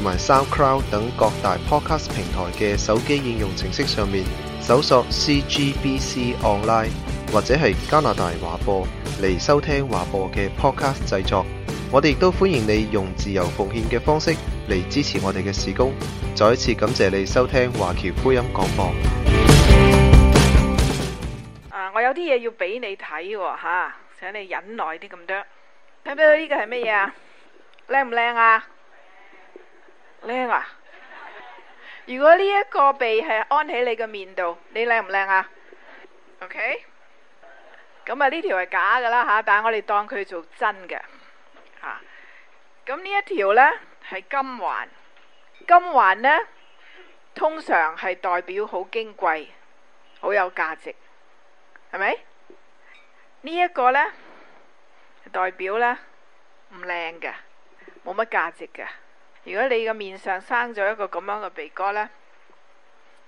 同埋 SoundCloud 等各大 Podcast 平台嘅手機應用程式上面搜索 CGBC Online 或者係加拿大華播嚟收聽華播嘅 Podcast 製作。我哋亦都歡迎你用自由奉獻嘅方式嚟支持我哋嘅市工。再一次感謝你收聽華僑福音廣播。啊，我有啲嘢要俾你睇喎、啊，吓，請你忍耐啲咁多。睇唔睇到呢個係乜嘢啊？靚唔靚啊？靚啊！如果呢一個鼻係安喺你嘅面度，你靚唔靚啊？OK，咁啊呢條係假噶啦吓，但係我哋當佢做真嘅吓。咁、啊、呢一條咧係金環，金環咧通常係代表好矜貴、好有價值，係咪？呢一個咧代表咧唔靚嘅，冇乜價值嘅。如果你嘅面上生咗一個咁樣嘅鼻哥呢，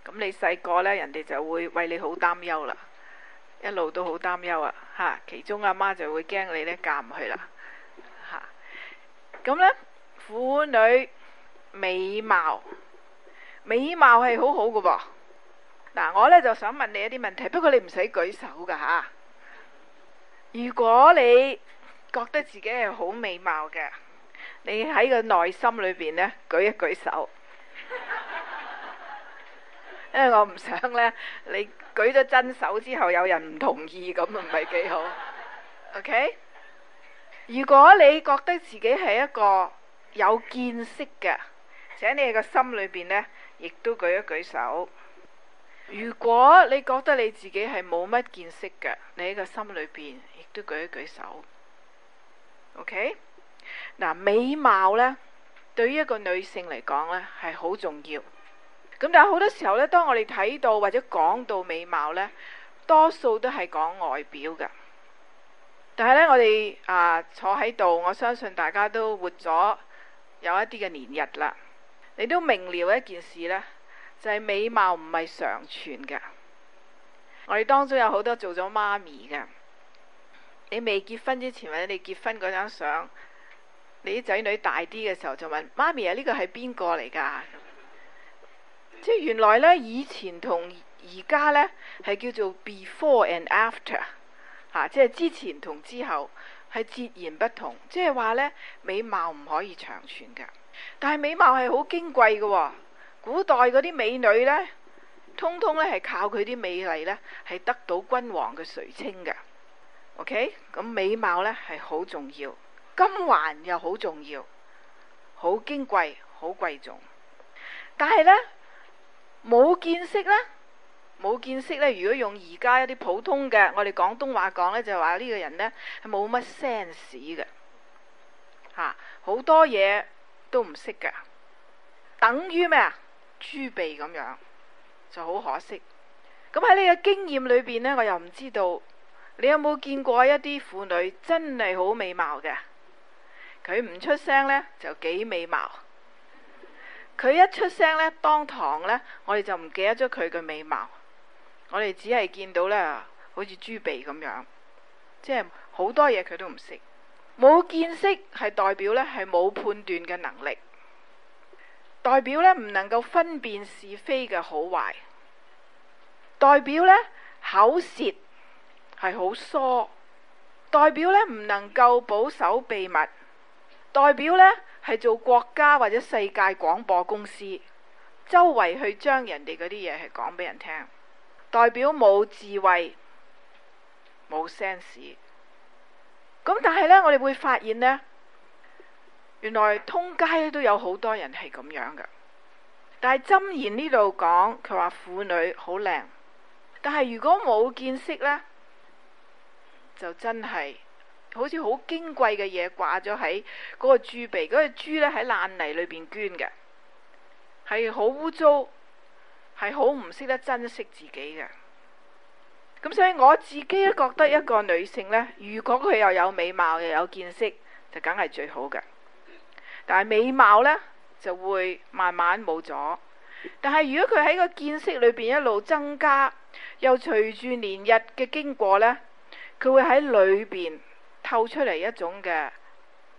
咁你細個呢，人哋就會為你好擔憂啦，一路都好擔憂啊！吓，其中阿媽就會驚你呢，嫁唔去啦，吓。咁呢，婦女美貌，美貌係好好嘅噃。嗱，我呢就想問你一啲問題，不過你唔使舉手噶吓。如果你覺得自己係好美貌嘅。你喺個內心裏邊咧，舉一舉手。 因為我唔想咧，你舉咗真手之後有人唔同意，咁唔係幾好。OK？如果你覺得自己係一個有見識嘅，請你喺個心裏邊呢亦都舉一舉手。如果你覺得你自己係冇乜見識嘅，你喺個心裏邊亦都舉一舉手。OK？嗱，美貌咧，對於一個女性嚟講咧，係好重要。咁但係好多時候咧，當我哋睇到或者講到美貌咧，多數都係講外表㗎。但係咧，我哋啊、呃、坐喺度，我相信大家都活咗有一啲嘅年日啦。你都明了一件事咧，就係、是、美貌唔係常存㗎。我哋當中有好多做咗媽咪㗎，你未結婚之前或者你結婚嗰張相。你啲仔女大啲嘅時候就問媽咪啊，呢個係邊個嚟㗎？即係原來呢，以前同而家呢，係叫做 before and after，嚇、啊，即係之前同之後係截然不同。即係話呢，美貌唔可以長存嘅，但係美貌係好矜貴嘅、哦。古代嗰啲美女呢，通通呢係靠佢啲美麗呢，係得到君王嘅垂青嘅。OK，咁美貌呢，係好重要。金環又好重要，好矜貴，好貴重。但係呢，冇見識呢？冇見識呢？如果用而家一啲普通嘅，我哋廣東話講呢，就話、是、呢個人呢，係冇乜 sense 嘅，吓、啊、好多嘢都唔識嘅，等於咩啊？豬鼻咁樣，就好可惜。咁喺你嘅經驗裏邊呢，我又唔知道你有冇見過一啲婦女真係好美貌嘅。佢唔出聲呢，就幾美貌。佢一出聲呢，當堂呢，我哋就唔記得咗佢嘅美貌。我哋只係見到呢，好似豬鼻咁樣，即係好多嘢佢都唔識。冇見識係代表呢，係冇判斷嘅能力，代表呢，唔能夠分辨是非嘅好壞，代表呢，口舌係好疏，代表呢，唔能夠保守秘密。代表呢係做國家或者世界廣播公司，周圍去將人哋嗰啲嘢係講俾人聽。代表冇智慧，冇 sense。咁但係呢，我哋會發現呢，原來通街都有好多人係咁樣嘅。但係《箴言》呢度講，佢話婦女好靚，但係如果冇見識呢，就真係。好似好矜貴嘅嘢，掛咗喺嗰個豬鼻。嗰個豬呢喺爛泥裏邊捐嘅，係好污糟，係好唔識得珍惜自己嘅。咁所以我自己都覺得一個女性呢，如果佢又有美貌又有見識，就梗係最好嘅。但係美貌呢，就會慢慢冇咗，但係如果佢喺個見識裏邊一路增加，又隨住年日嘅經過呢，佢會喺裏邊。透出嚟一種嘅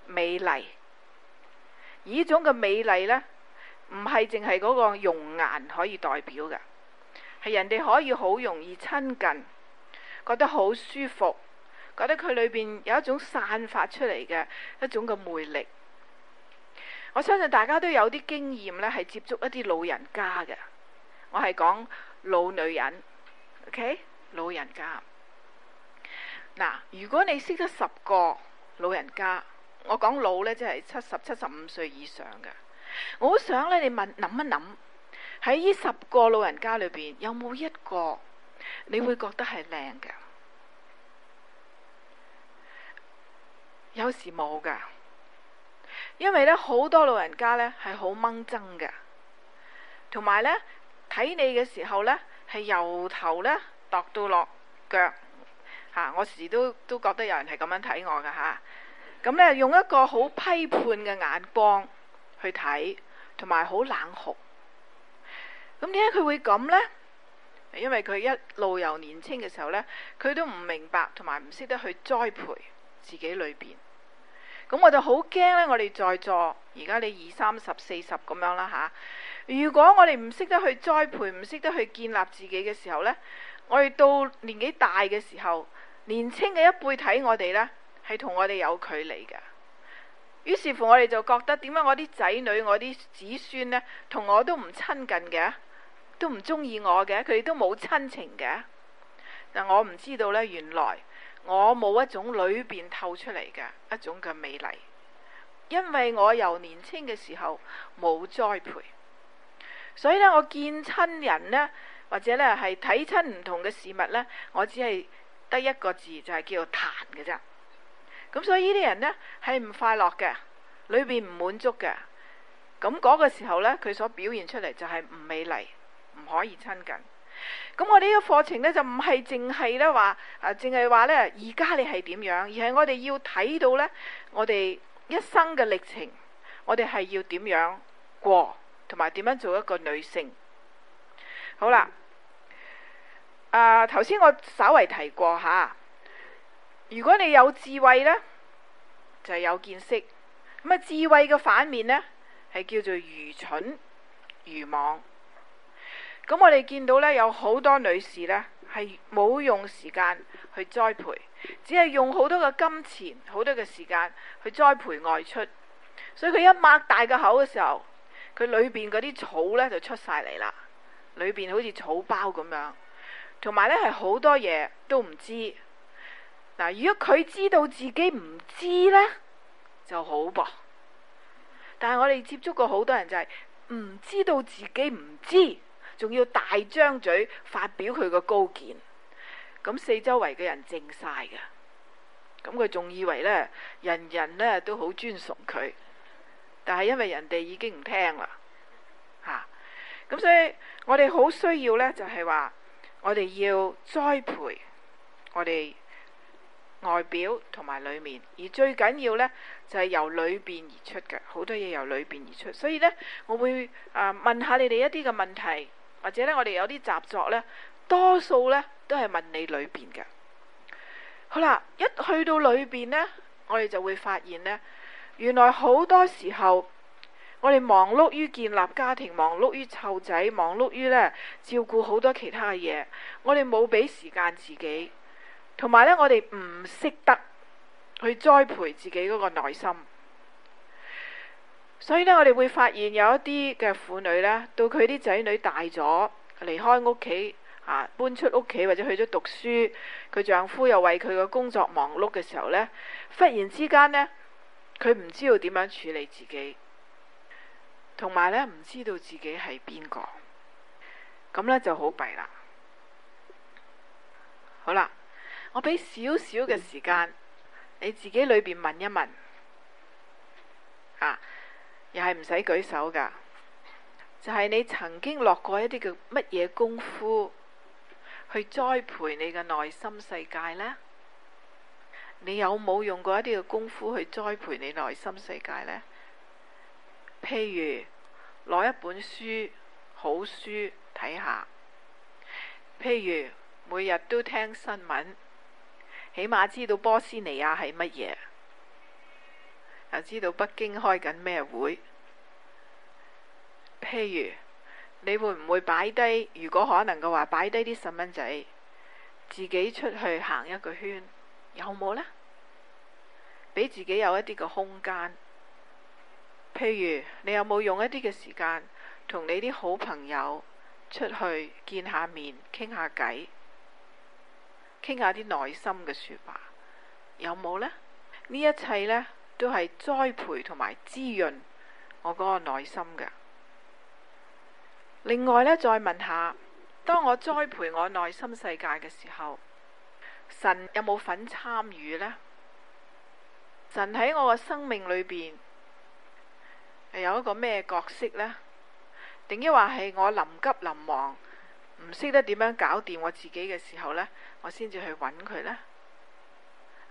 美麗，而呢種嘅美麗呢，唔係淨係嗰個容顏可以代表嘅，係人哋可以好容易親近，覺得好舒服，覺得佢裏邊有一種散發出嚟嘅一種嘅魅力。我相信大家都有啲經驗呢，係接觸一啲老人家嘅，我係講老女人，OK，老人家。嗱，如果你識得十個老人家，我講老咧，即係七十七十五歲以上嘅，我想咧你問諗一諗，喺呢十個老人家裏邊有冇一個，你會覺得係靚嘅？有時冇噶，因為咧好多老人家咧係好掹憎嘅，同埋咧睇你嘅時候咧係由頭咧度到落腳。嚇、啊！我時時都都覺得有人係咁樣睇我噶嚇，咁、啊、咧、嗯、用一個好批判嘅眼光去睇，同埋好冷酷。咁點解佢會咁呢？因為佢一路由年青嘅時候呢，佢都唔明白同埋唔識得去栽培自己裏邊。咁、嗯、我就好驚呢，我哋在座而家你二三十、四十咁樣啦嚇、啊，如果我哋唔識得去栽培、唔識得去建立自己嘅時候呢，我哋到年紀大嘅時候，年青嘅一輩睇我哋呢，係同我哋有距離㗎。於是乎，我哋就覺得點解我啲仔女、我啲子孫呢，同我都唔親近嘅，都唔中意我嘅，佢哋都冇親情嘅。但我唔知道呢，原來我冇一種裏邊透出嚟嘅一種嘅美麗，因為我由年青嘅時候冇栽培，所以呢，我見親人呢，或者呢係睇親唔同嘅事物呢，我只係。得一個字就係叫做彈嘅啫，咁所以呢啲人呢，係唔快樂嘅，裏邊唔滿足嘅，咁嗰個時候呢，佢所表現出嚟，就係唔美麗，唔可以親近。咁我哋呢個課程呢，就唔係淨係咧話，誒、啊，淨係話咧而家你係點樣，而係我哋要睇到呢，我哋一生嘅歷程，我哋係要點樣過，同埋點樣做一個女性。好啦。啊！頭先我稍微提過吓，如果你有智慧呢，就有見識。咁啊，智慧嘅反面呢，係叫做愚蠢愚妄。咁、嗯、我哋見到呢，有好多女士呢，係冇用時間去栽培，只係用好多嘅金錢、好多嘅時間去栽培外出。所以佢一擘大個口嘅時候，佢裏邊嗰啲草呢，就出晒嚟啦，裏邊好似草包咁樣。同埋咧，係好多嘢都唔知。嗱，如果佢知道自己唔知呢，就好噃。但係我哋接觸過好多人，就係唔知道自己唔知，仲要大張嘴發表佢個高見。咁四周圍嘅人靜晒㗎，咁佢仲以為呢，人人呢都好尊崇佢。但係因為人哋已經唔聽啦，吓、啊、咁，所以我哋好需要呢，就係話。我哋要栽培我哋外表同埋裏面，而最緊要呢，就係由裏邊而出嘅，好多嘢由裏邊而出。所以呢，我會啊問下你哋一啲嘅問題，或者呢，我哋有啲習作呢，多數呢，都係問你裏邊嘅。好啦，一去到裏邊呢，我哋就會發現呢，原來好多時候。我哋忙碌於建立家庭，忙碌於湊仔，忙碌於呢照顧好多其他嘅嘢。我哋冇俾時間自己，同埋呢，我哋唔識得去栽培自己嗰個內心。所以呢，我哋會發現有一啲嘅婦女呢，到佢啲仔女大咗，離開屋企啊，搬出屋企或者去咗讀書，佢丈夫又為佢個工作忙碌嘅時候呢，忽然之間呢，佢唔知道點樣處理自己。同埋咧，唔知道自己係邊個，咁咧就好弊啦。好啦，我畀少少嘅時間，你自己裏邊問一問，啊，又係唔使舉手噶，就係、是、你曾經落過一啲嘅乜嘢功夫去栽培你嘅內心世界咧？你有冇用過一啲嘅功夫去栽培你內心世界咧？譬如。攞一本書，好書睇下。譬如每日都聽新聞，起碼知道波斯尼亞係乜嘢，又知道北京開緊咩會。譬如你會唔會擺低？如果可能嘅話，擺低啲細蚊仔，自己出去行一個圈，有冇呢？畀自己有一啲嘅空間。譬如你有冇用一啲嘅時間，同你啲好朋友出去見下面，傾下偈，傾下啲內心嘅說話，有冇呢？呢一切呢，都係栽培同埋滋潤我嗰個內心嘅。另外呢，再問下，當我栽培我內心世界嘅時候，神有冇份參與呢？神喺我嘅生命裏邊。係有一個咩角色呢？是是臨臨定抑或係我臨急臨忙唔識得點樣搞掂我自己嘅時候呢，我先至去揾佢呢。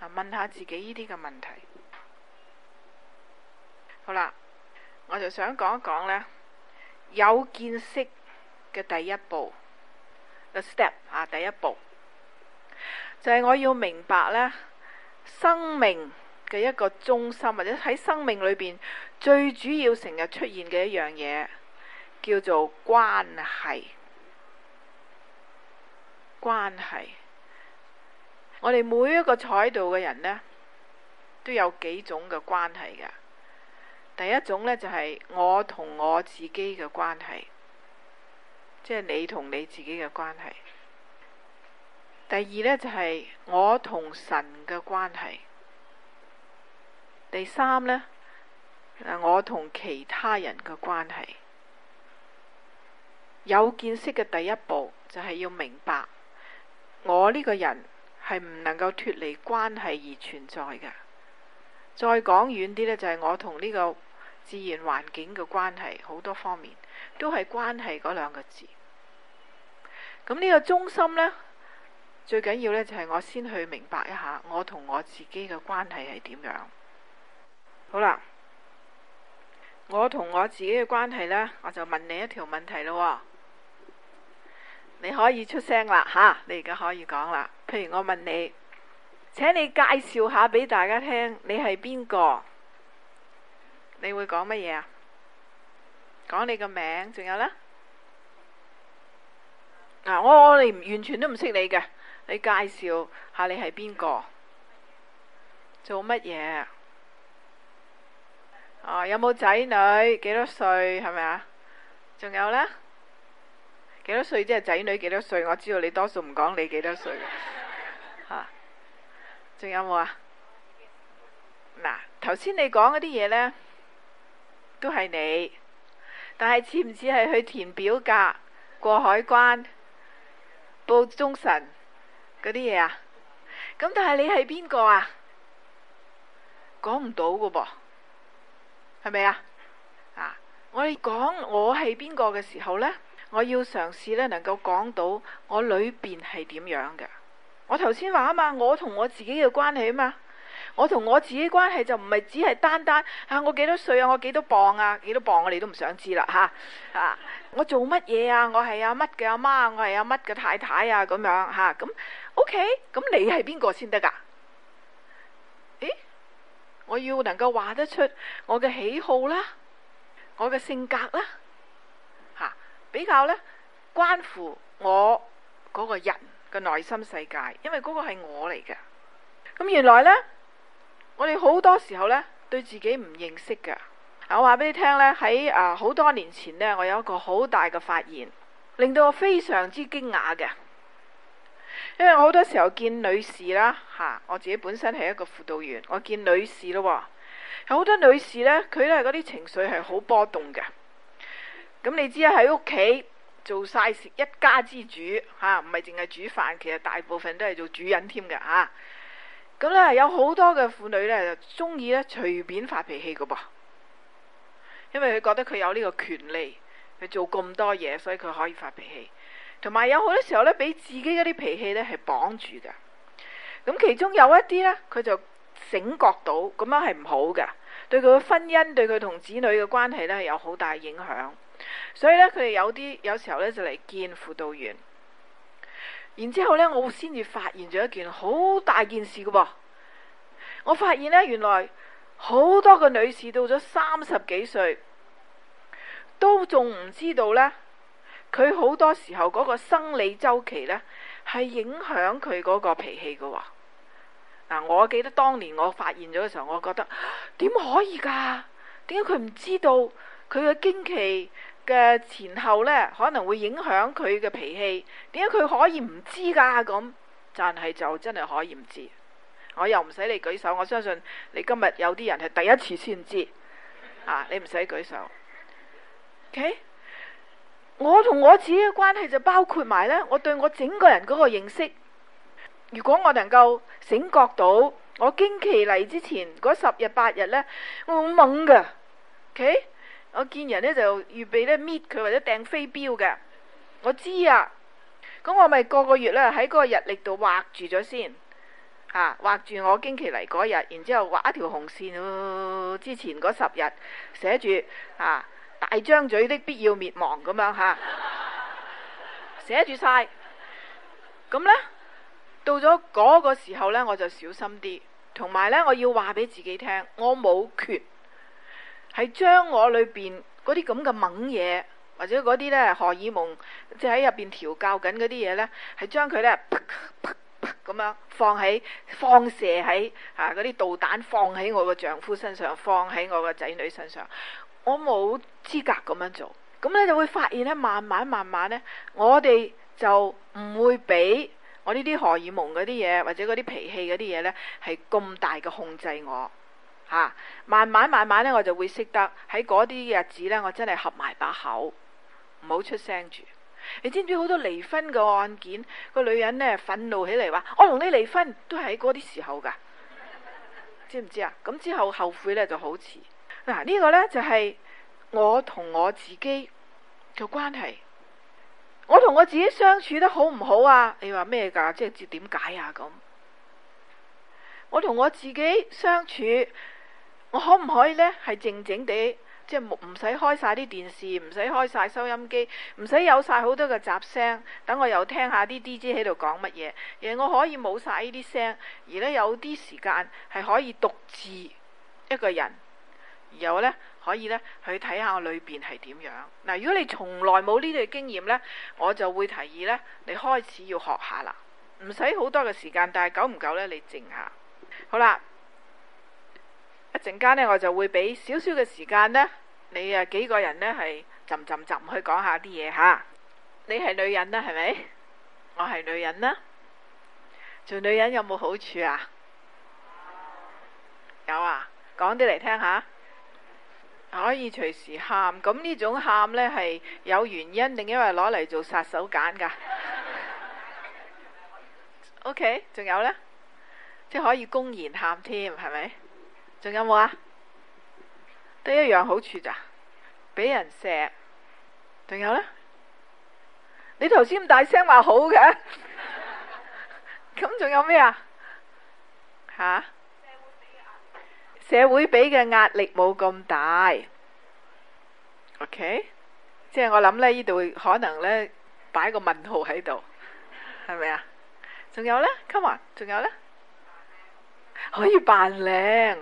啊，問下自己呢啲嘅問題。好啦，我就想講一講呢：有見識嘅第一步嘅 step 啊，第一步就係、是、我要明白呢，生命嘅一個中心，或者喺生命裏邊。最主要成日出現嘅一樣嘢，叫做關係、關係。我哋每一個坐喺度嘅人呢，都有幾種嘅關係㗎。第一種呢，就係、是、我同我自己嘅關係，即係你同你自己嘅關係。第二呢，就係、是、我同神嘅關係。第三呢，我同其他人嘅關係。有見識嘅第一步就係要明白我呢個人係唔能夠脫離關係而存在嘅。再講遠啲咧，就係我同呢個自然環境嘅關係，好多方面都係關係嗰兩個字。咁呢個中心咧，最緊要咧就係我先去明白一下我同我自己嘅關係係點樣。好啦。我同我自己嘅關係呢，我就問你一條問題咯。哦，你可以出聲啦，吓，你而家可以講啦。譬如我問你，請你介紹下畀大家聽，你係邊個？你會講乜嘢啊？講你個名，仲有咧？嗱，我我哋完全都唔識你嘅，你介紹下你係邊個？做乜嘢？哦，有冇仔女？幾多歲？係咪啊？仲有咧？幾多歲即係仔女？幾多歲？我知道你多數唔講你幾多歲。吓，仲有冇啊？嗱，頭先你講嗰啲嘢咧，都係你，但係似唔似係去填表格、過海關、報忠臣嗰啲嘢啊？咁但係你係邊個啊？講唔到噶噃。係咪啊？啊！我哋講我係邊個嘅時候呢，我要嘗試咧能夠講到我裏邊係點樣嘅。我頭先話啊嘛，我同我自己嘅關係啊嘛，我同我自己關係就唔係只係單單吓、啊、我幾多歲啊，我幾多磅啊，幾多磅我、啊、哋都唔想知啦吓吓。我做乜嘢啊？我係阿乜嘅阿媽，我係阿乜嘅太太啊咁樣吓。咁、啊、OK，咁你係邊個先得噶？我要能夠話得出我嘅喜好啦、啊，我嘅性格啦、啊，吓比較咧，關乎我嗰個人嘅內心世界，因為嗰個係我嚟嘅。咁原來呢，我哋好多時候呢對自己唔認識嘅。我話俾你聽呢，喺誒好多年前呢，我有一個好大嘅發現，令到我非常之驚訝嘅。因為我好多時候見女士啦，吓，我自己本身係一個輔導員，我見女士咯，有好多女士呢，佢都係嗰啲情緒係好波動嘅。咁你知啊，喺屋企做晒事一家之主，吓，唔係淨係煮飯，其實大部分都係做主人添嘅，吓。咁咧有好多嘅婦女呢，就中意咧隨便發脾氣㗎噃，因為佢覺得佢有呢個權利，佢做咁多嘢，所以佢可以發脾氣。同埋有好多時候咧，俾自己嗰啲脾氣咧係綁住嘅。咁其中有一啲咧，佢就醒覺到咁樣係唔好嘅，對佢嘅婚姻、對佢同子女嘅關係咧，有好大影響。所以咧，佢哋有啲有時候咧，就嚟見輔導員。然之後咧，我先至發現咗一件好大件事嘅噃、啊。我發現咧，原來好多個女士到咗三十幾歲，都仲唔知道咧。佢好多時候嗰個生理周期呢，係影響佢嗰個脾氣噶。嗱、啊，我記得當年我發現咗嘅時候，我覺得啊、點可以噶？點解佢唔知道佢嘅經期嘅前後呢，可能會影響佢嘅脾氣？點解佢可以唔知噶？咁，但係就真係可以唔知。我又唔使你舉手，我相信你今日有啲人係第一次先知。啊，你唔使舉手。Okay? 我同我自己嘅關係就包括埋呢。我對我整個人嗰個認識。如果我能夠醒覺到我經期嚟之前嗰十日八日呢，我好懵噶。Okay? 我見人呢，就預備咧搣佢或者掟飛鏢嘅。我知啊，咁我咪個個月咧喺個日曆度畫住咗先，吓、啊、畫住我經期嚟嗰日，然之後畫一條紅線咯。之前嗰十日寫住啊。大張嘴的必要滅亡咁樣吓，寫住晒，咁呢，到咗嗰個時候呢，我就小心啲，同埋呢，我要話俾自己聽，我冇權係將我裏邊嗰啲咁嘅猛嘢，或者嗰啲呢荷爾蒙，即係喺入邊調教緊嗰啲嘢呢，係將佢呢啪啪啪咁樣放喺放射喺啊嗰啲導彈放喺我個丈夫身上，放喺我個仔女身上。我冇資格咁樣做，咁你就會發現咧，慢慢慢慢咧，我哋就唔會俾我呢啲荷爾蒙嗰啲嘢，或者嗰啲脾氣嗰啲嘢咧，係咁大嘅控制我吓、啊。慢慢慢慢咧，我就會識得喺嗰啲日子咧，我真係合埋把口，唔好出聲住。你知唔知好多離婚嘅案件，個女人咧憤怒起嚟，話：我同你離婚，都係喺嗰啲時候噶，知唔知啊？咁之後後悔咧就好遲。嗱，呢個呢，就係我同我自己嘅關係。我同我自己相處得好唔好啊？你話咩噶？即係點解啊？咁我同我自己相處，我可唔可以呢？係靜靜地，即係唔使開晒啲電視，唔使開晒收音機，唔使有晒好多嘅雜聲。等我又聽下啲 DJ 喺度講乜嘢，而我可以冇晒呢啲聲，而呢，有啲時間係可以獨自一個人。有呢，可以呢，去睇下我裏邊係點樣。嗱，如果你從來冇呢啲經驗呢，我就會提議呢，你開始要學下啦。唔使好多嘅時間，但係久唔久呢，你靜下。好啦，一陣間呢，我就會俾少少嘅時間呢，你啊幾個人呢，係浸浸浸去講下啲嘢吓。你係女人啦，係咪？我係女人呢，做女人有冇好處啊？有啊，講啲嚟聽下啊。可以隨時喊，咁呢種喊咧係有原因定因為攞嚟做殺手鐧㗎 ？OK，仲有咧，即可以公然喊添，係咪？仲有冇 啊？得一樣好處咋，俾人錫。仲有咧？你頭先咁大聲話好嘅，咁仲有咩啊？吓？社會俾嘅壓力冇咁大，OK，即係我諗咧，呢度可能咧擺個問號喺度，係咪啊？仲有咧，Come on，仲有咧，可以扮靚，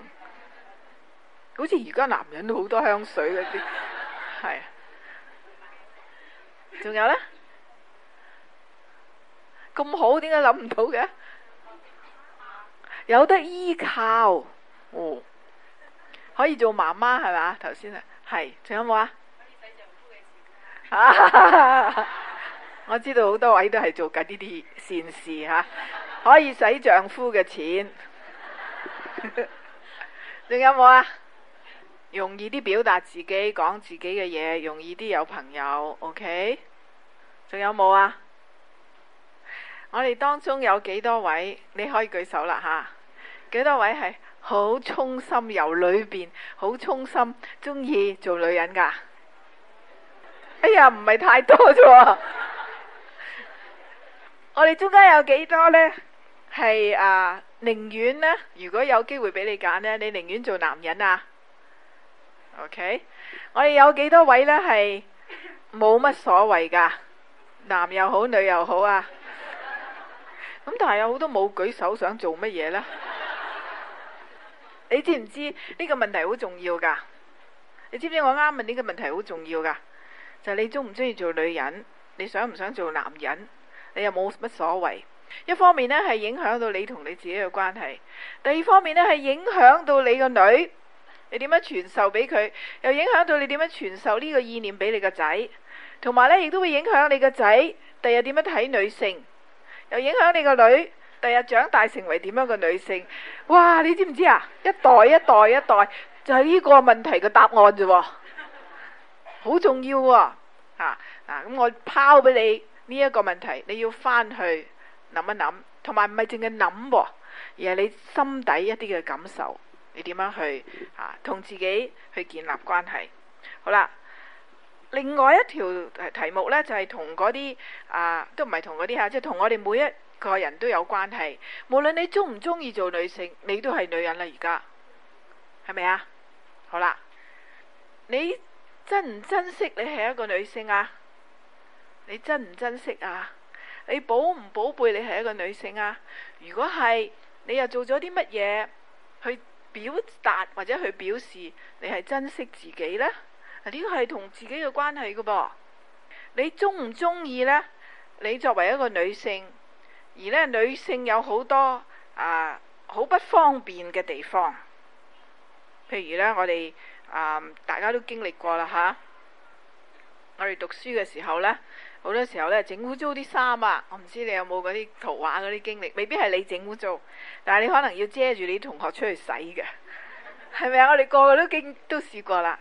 好似而家男人都好多香水嗰啲，係，仲有咧，咁好點解諗唔到嘅？有得依靠，哦。可以做媽媽係咪？頭先啊，係，仲有冇啊？ 可以洗丈夫嘅錢。我知道好多位都係做緊呢啲善事嚇，可以使丈夫嘅錢。仲 有冇啊？容易啲表達自己講自己嘅嘢，容易啲有朋友。OK，仲有冇啊？我哋當中有幾多位？你可以舉手啦嚇，幾多位係？好衷心由裏邊，好衷心中意做女人噶。哎呀，唔係太多啫。我哋中間有幾多呢？係啊，寧願呢，如果有機會俾你揀呢，你寧願做男人啊？OK，我哋有幾多位呢？係冇乜所謂噶，男又好，女又好啊。咁但係有好多冇舉手，想做乜嘢呢？你知唔知呢個問題好重要噶？你知唔知我啱問呢個問題好重要噶？就係你中唔中意做女人？你想唔想做男人？你又冇乜所謂？一方面呢係影響到你同你自己嘅關係；第二方面呢係影響到你個女，你點樣傳授俾佢，又影響到你點樣傳授呢個意念俾你個仔，同埋呢亦都會影響你個仔第日點樣睇女性，又影響你個女。第日長大成為點樣個女性？哇！你知唔知啊？一代一代一代，就係呢個問題嘅答案啫喎，好重要喎！啊啊！咁我拋俾你呢一個問題，你要翻去諗一諗，同埋唔係淨係諗噃，而係你心底一啲嘅感受，你點樣去啊，同自己去建立關係。好啦，另外一條題題目呢，就係同嗰啲啊，都唔係同嗰啲吓，即係同我哋每一個人都有關係，無論你中唔中意做女性，你都係女人啦。而家係咪啊？好啦，你珍唔珍惜你係一個女性啊？你珍唔珍惜啊？你寶唔寶貝你係一個女性啊？如果係你又做咗啲乜嘢去表達或者去表示你係珍惜自己呢？呢個係同自己嘅關係㗎噃。你中唔中意呢？你作為一個女性。而咧女性有好多啊，好、呃、不方便嘅地方。譬如咧，我哋啊、呃，大家都經歷過啦吓，我哋讀書嘅時候咧，好多時候咧整污糟啲衫啊！我唔知你有冇嗰啲圖畫嗰啲經歷，未必係你整污糟，但係你可能要遮住你同學出去洗嘅，係咪啊？我哋個個都經都試過啦。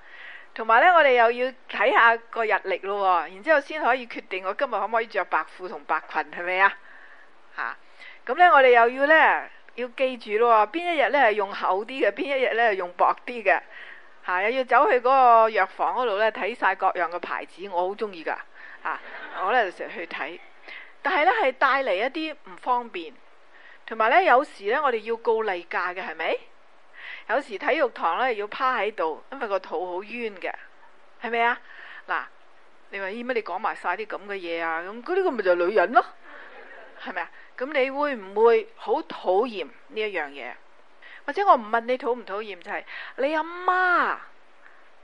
同埋咧，我哋又要睇下個日曆咯喎，然之後先可以決定我今日可唔可以着白褲同白裙，係咪啊？吓，咁咧、啊、我哋又要咧要記住咯，邊一日咧用厚啲嘅，邊一日咧用薄啲嘅，吓、啊、又要走去嗰個藥房嗰度咧睇晒各樣嘅牌子，我好中意噶，啊，我咧就成日去睇，但係咧係帶嚟，一啲唔方便，同埋咧有時咧我哋要告例假嘅，係咪？有時體育堂咧要趴喺度，因為個肚好冤嘅，係咪啊？嗱，你話咦乜？你講埋晒啲咁嘅嘢啊？咁嗰啲咁咪就女人咯，係咪啊？咁你會唔會好討厭呢一樣嘢？或者我唔問你討唔討厭，就係、是、你阿媽，媽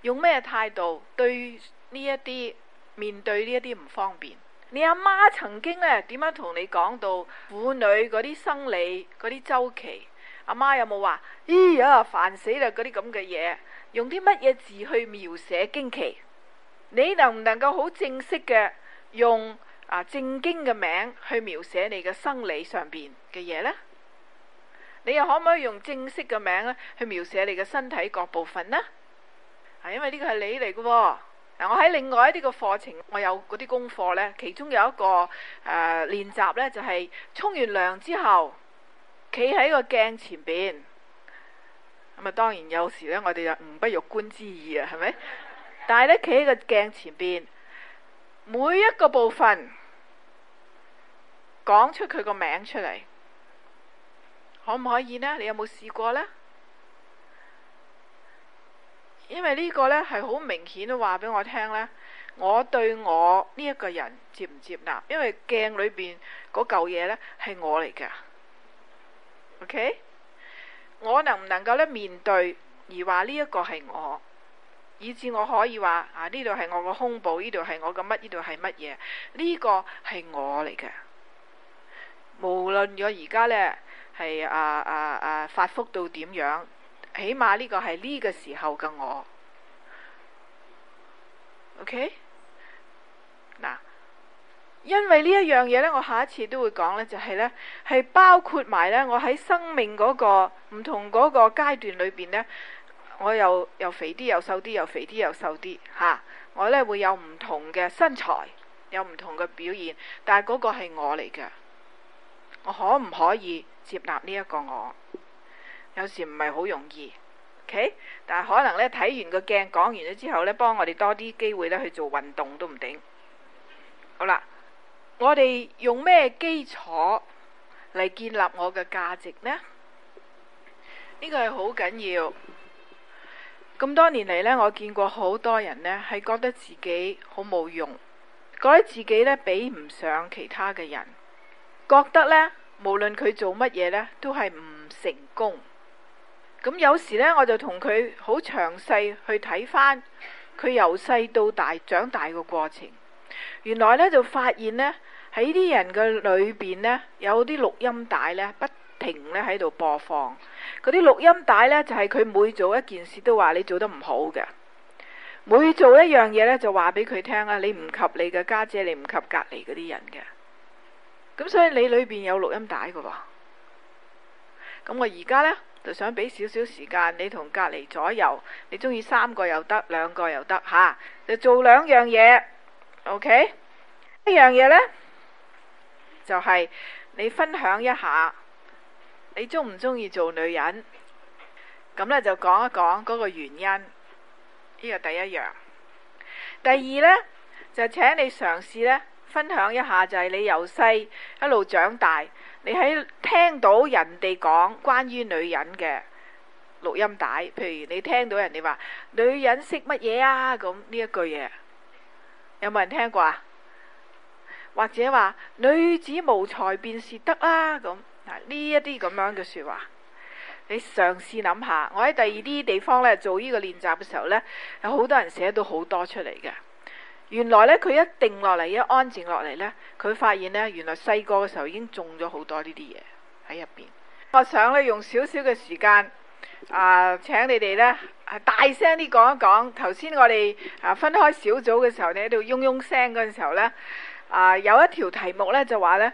用咩態度對呢一啲，面對呢一啲唔方便？你阿媽，媽曾經咧點樣同你講到婦女嗰啲生理嗰啲周期？阿媽，媽有冇話咦呀，煩死啦？嗰啲咁嘅嘢，用啲乜嘢字去描寫經期？你能唔能夠好正式嘅用？啊，正經嘅名去描寫你嘅生理上邊嘅嘢呢？你又可唔可以用正式嘅名咧去描寫你嘅身體各部分呢？係、啊、因為呢個係你嚟嘅、哦，嗱、啊、我喺另外一啲嘅課程，我有嗰啲功課呢，其中有一個誒、呃、練習咧，就係、是、沖完涼之後，企喺個鏡前邊。咁啊，當然有時呢，我哋就唔不,不欲觀之意啊，係咪？但係呢，企喺個鏡前邊，每一個部分。講出佢個名出嚟，可唔可以呢？你有冇試過呢？因為呢個呢係好明顯都話畀我聽呢，我對我呢一個人接唔接納？因為鏡裏邊嗰舊嘢呢係我嚟噶，OK？我能唔能夠咧面對而話呢一個係我，以至我可以話啊，呢度係我個胸部，呢度係我個乜，呢度係乜嘢？呢個係我嚟嘅。無論我而家呢，係啊啊啊發福到點樣，起碼呢個係呢個時候嘅我。OK 嗱，因為呢一樣嘢呢，我下一次都會講呢，就係呢，係、就是、包括埋呢。我喺生命嗰個唔同嗰個階段裏邊呢，我又又肥啲，又瘦啲，又肥啲，又瘦啲吓、啊。我呢會有唔同嘅身材，有唔同嘅表現，但係嗰個係我嚟嘅。我可唔可以接納呢一個我？有時唔係好容易，OK？但係可能咧，睇完個鏡，講完咗之後咧，幫我哋多啲機會咧去做運動都唔定。好啦，我哋用咩基礎嚟建立我嘅價值呢？呢個係好緊要。咁多年嚟咧，我見過好多人咧，係覺得自己好冇用，覺得自己咧比唔上其他嘅人。覺得呢，無論佢做乜嘢呢，都係唔成功。咁有時呢，我就同佢好詳細去睇翻佢由細到大長大嘅過程。原來呢，就發現呢，喺啲人嘅裏邊呢，有啲錄音帶呢，不停呢，喺度播放。嗰啲錄音帶呢，就係佢每做一件事都話你做得唔好嘅，每做一樣嘢呢，就話俾佢聽啊！你唔及你嘅家姐，你唔及隔離嗰啲人嘅。咁所以你裏面有錄音帶㗎喎，咁我而家咧就想畀少少時間你同隔籬左右，你鍾意三個又得，兩個又得，吓就做兩樣嘢，OK？一樣嘢咧就係你分享一下你鍾唔鍾意做女人，咁咧就講一講嗰個原因，呢個第一樣。第二咧就請你嘗試咧。分享一下，就係你由細一路長大，你喺聽到人哋講關於女人嘅錄音帶，譬如你聽到人哋話女人識乜嘢啊，咁呢一句嘢有冇人聽過啊？或者話女子無才便是德啦、啊，咁嗱呢一啲咁樣嘅說話，你嘗試諗下。我喺第二啲地方咧做呢個練習嘅時候咧，有好多人寫到好多出嚟嘅。原來咧，佢一定落嚟，一安靜落嚟咧，佢發現咧，原來細個嘅時候已經種咗好多呢啲嘢喺入邊。我想咧用少少嘅時間啊，請你哋咧大聲啲講一講。頭先我哋啊分開小組嘅時候，你喺度嗡嗡聲嗰陣時候咧啊，有一條題目咧就話咧。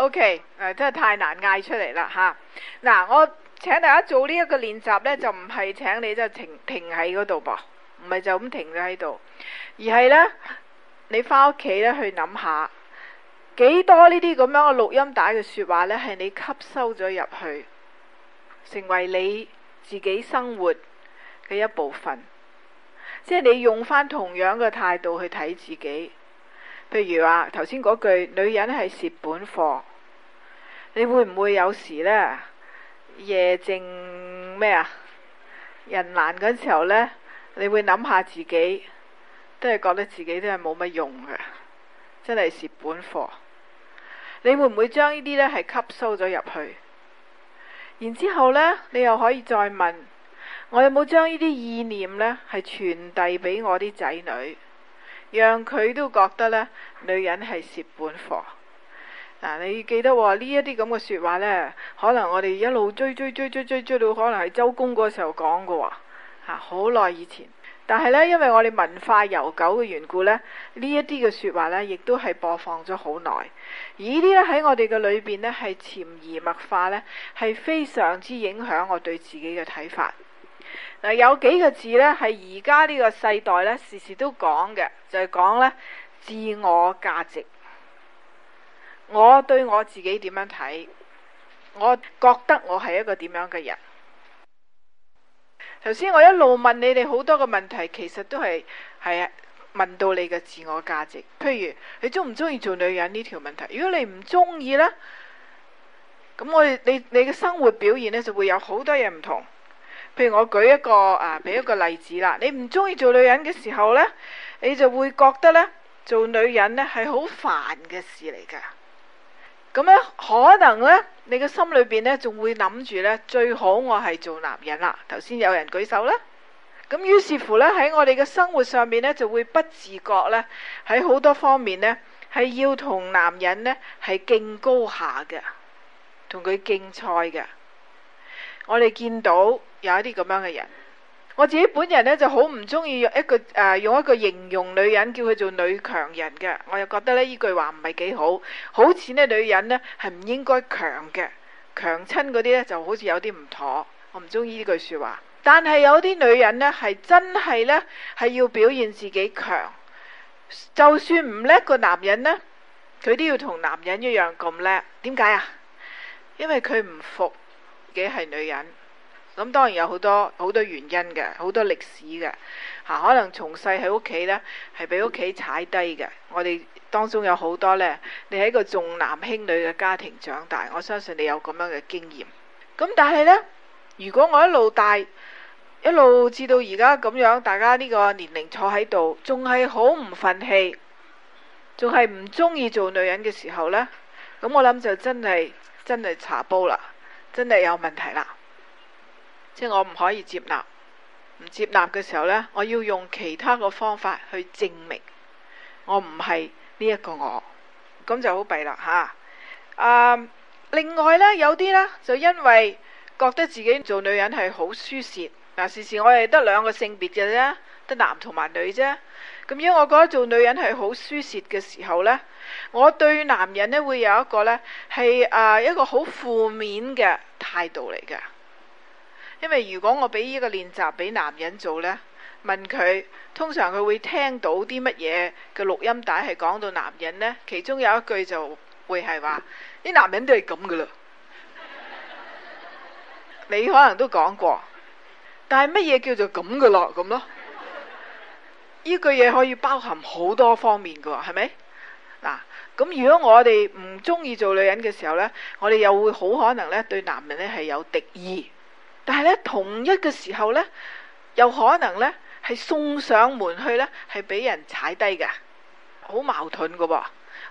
O K，誒，okay, 真係太難嗌出嚟啦吓。嗱，我請大家做呢一個練習呢，就唔係請你即係停停喺嗰度噃，唔係就咁停咗喺度，而係呢，你返屋企呢，去諗下，幾多呢啲咁樣嘅錄音帶嘅說話呢，係你吸收咗入去，成為你自己生活嘅一部分。即係你用翻同樣嘅態度去睇自己，譬如話，頭先嗰句女人係蝕本貨。你會唔會有時呢？夜靜咩啊人難嗰時候呢，你會諗下自己，都係覺得自己都係冇乜用嘅，真係蝕本貨。你會唔會將呢啲呢係吸收咗入去？然之後呢，你又可以再問，我有冇將呢啲意念呢係傳遞俾我啲仔女，讓佢都覺得呢，女人係蝕本貨？嗱、啊，你記得喎，呢一啲咁嘅説話呢，可能我哋一路追追追追追追到，可能係周公嗰時候講嘅喎，吓，好耐以前。但係呢，因為我哋文化悠久嘅緣故呢，呢一啲嘅説話呢，亦都係播放咗好耐。而呢啲喺我哋嘅裏邊呢，係潛移默化呢，係非常之影響我對自己嘅睇法。嗱、啊，有幾個字呢，係而家呢個世代呢，時時都講嘅，就係、是、講呢：「自我價值。」我對我自己點樣睇？我覺得我係一個點樣嘅人？頭先我一路問你哋好多個問題，其實都係係問到你嘅自我價值。譬如你中唔中意做女人呢條問題？如果你唔中意呢，咁我你你嘅生活表現呢就會有好多嘢唔同。譬如我舉一個啊，俾一個例子啦。你唔中意做女人嘅時候呢，你就會覺得呢，做女人呢係好煩嘅事嚟㗎。咁咧，可能咧，你嘅心裏邊咧，仲會諗住咧，最好我係做男人啦。頭先有人舉手啦，咁於是乎咧，喺我哋嘅生活上面咧，就會不自覺咧，喺好多方面咧，係要同男人咧係競高下嘅，同佢競賽嘅。我哋見到有一啲咁樣嘅人。我自己本人咧就好唔中意用一個誒、呃、用一個形容女人叫佢做女強人嘅，我又覺得呢呢句話唔係幾好，好似呢女人呢，係唔應該強嘅，強親嗰啲呢，就好似有啲唔妥，我唔中意呢句說話。但係有啲女人呢，係真係呢，係要表現自己強，就算唔叻個男人呢，佢都要同男人一樣咁叻。點解啊？因為佢唔服嘅係女人。咁當然有好多好多原因嘅，好多歷史嘅吓、啊，可能從細喺屋企呢，係俾屋企踩低嘅。我哋當中有好多呢，你喺個重男輕女嘅家庭長大，我相信你有咁樣嘅經驗。咁、啊、但係呢，如果我一路大，一路至到而家咁樣，大家呢個年齡坐喺度，仲係好唔忿氣，仲係唔中意做女人嘅時候呢，咁我諗就真係真係查煲啦，真係有問題啦。即係我唔可以接納，唔接納嘅時候呢，我要用其他嘅方法去證明我唔係呢一個我，咁就好弊啦吓。啊，另外呢，有啲呢，就因為覺得自己做女人係好輸蝕，嗱、啊，事事我哋得兩個性別嘅啫，得男同埋女啫。咁、啊、樣我覺得做女人係好輸蝕嘅時候呢，我對男人呢會有一個呢，係啊一個好負面嘅態度嚟嘅。因為如果我俾呢個練習俾男人做呢，問佢，通常佢會聽到啲乜嘢嘅錄音帶係講到男人呢。其中有一句就會係話，啲 男人都係咁噶啦。 你可能都講過，但係乜嘢叫做咁噶啦咁咯？呢 句嘢可以包含好多方面噶，係咪？嗱，咁如果我哋唔中意做女人嘅時候呢，我哋又會好可能呢對男人咧係有敵意。但係咧，同一嘅時候咧，又可能咧係送上門去咧，係俾人踩低嘅，哦，好矛盾嘅。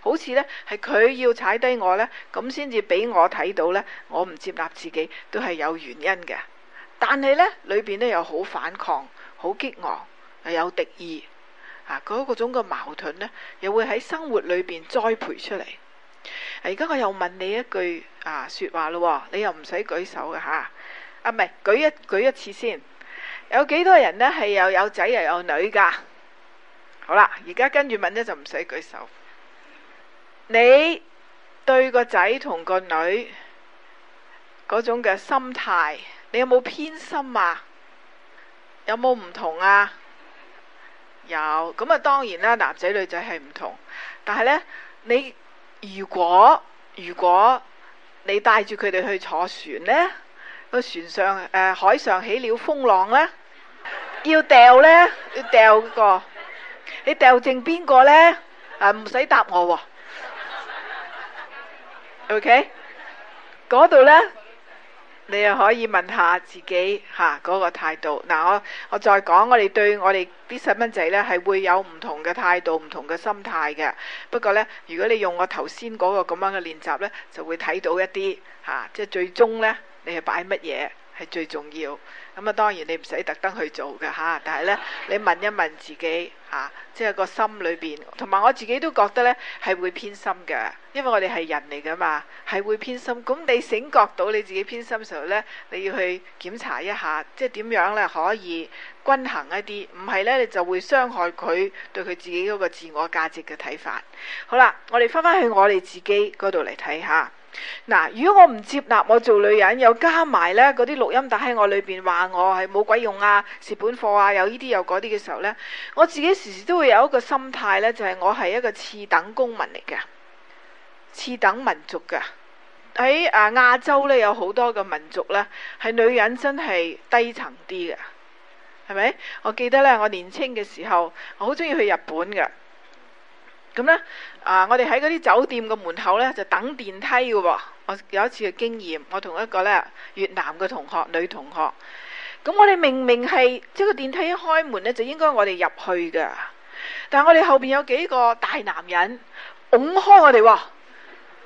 好似咧係佢要踩低我咧，咁先至俾我睇到咧，我唔接納自己都係有原因嘅。但係咧裏邊咧又好反抗，好激昂，又有敵意啊！嗰個種嘅矛盾咧，又會喺生活裏邊栽培出嚟。而、啊、家我又問你一句啊，說話咯，哦，你又唔使舉手㗎吓。啊，唔係舉一舉一次先，有幾多人咧係又有仔又有女噶？好啦，而家跟住問咧就唔使舉手。你對個仔同個女嗰種嘅心態，你有冇偏心啊？有冇唔同啊？有咁啊，當然啦，男仔女仔係唔同，但係咧，你如果如果你帶住佢哋去坐船咧，個船上誒、呃，海上起了風浪啦。要掉呢？要掉、嗰個，你掉正邊個呢？啊，唔使答我喎、哦。OK，嗰度呢，你又可以問下自己吓嗰、啊那個態度。嗱、啊，我我再講，我哋對我哋啲細蚊仔呢係會有唔同嘅態度、唔同嘅心態嘅。不過呢，如果你用我頭先嗰個咁樣嘅練習呢，就會睇到一啲吓、啊，即係最終呢。你係擺乜嘢係最重要？咁啊，當然你唔使特登去做噶吓。但係呢，你問一問自己吓，即係個心裏邊，同埋我自己都覺得呢係會偏心嘅，因為我哋係人嚟噶嘛，係會偏心。咁你醒覺到你自己偏心嘅時候呢，你要去檢查一下，即係點樣呢？可以均衡一啲？唔係呢，你就會傷害佢對佢自己嗰個自我價值嘅睇法。好啦，我哋翻返去我哋自己嗰度嚟睇下。嗱，如果我唔接納我做女人，又加埋呢嗰啲錄音帶喺我裏邊話我係冇鬼用啊，蝕本貨啊，又呢啲又嗰啲嘅時候呢，我自己時時都會有一個心態呢，就係、是、我係一個次等公民嚟嘅，次等民族噶。喺啊亞洲呢，有好多嘅民族呢，係女人真係低層啲嘅，係咪？我記得呢，我年輕嘅時候，我好中意去日本嘅。咁咧，啊、嗯，我哋喺嗰啲酒店嘅門口咧就等電梯嘅喎。我有一次嘅經驗，我同一個咧越南嘅同學女同學，咁、嗯、我哋明明係即係個電梯一開門咧就應該我哋入去噶，但係我哋後邊有幾個大男人，拱開我哋，